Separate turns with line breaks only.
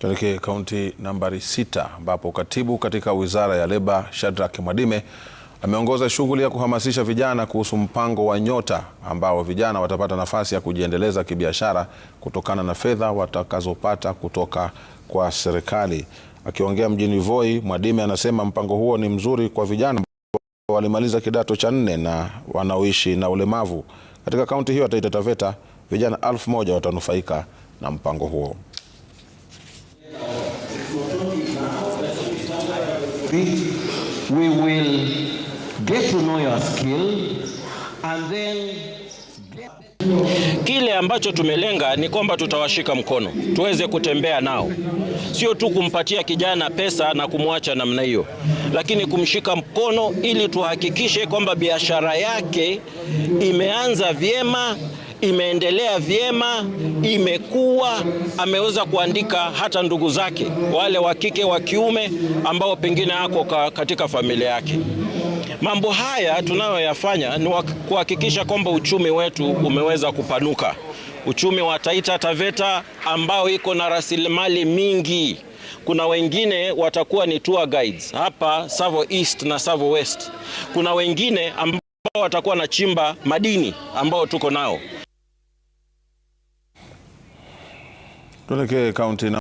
Tuelekee kaunti nambari sita ambapo katibu katika wizara ya leba Shadrack Mwadime ameongoza shughuli ya kuhamasisha vijana kuhusu mpango wa Nyota ambao vijana watapata nafasi ya kujiendeleza kibiashara kutokana na fedha watakazopata kutoka kwa serikali. Akiongea mjini Voi, Mwadime anasema mpango huo ni mzuri kwa vijana walimaliza kidato cha nne na wanaoishi na ulemavu. Katika kaunti hiyo ya Taita Taveta, vijana elfu moja watanufaika na mpango huo.
We will get to know your skill and then
Kile ambacho tumelenga ni kwamba tutawashika mkono, tuweze kutembea nao, sio tu kumpatia kijana pesa na kumwacha namna hiyo, lakini kumshika mkono ili tuhakikishe kwamba biashara yake imeanza vyema imeendelea vyema, imekuwa, ameweza kuandika hata ndugu zake wale wa kike wa kiume ambao pengine ako katika familia yake. Mambo haya tunayoyafanya ni kuhakikisha kwamba uchumi wetu umeweza kupanuka, uchumi wa Taita Taveta ambao iko na rasilimali mingi. Kuna wengine watakuwa ni tour guides hapa Savo East na Savo West. Kuna wengine ambao watakuwa na chimba madini ambao tuko nao. Tuelekee kaunti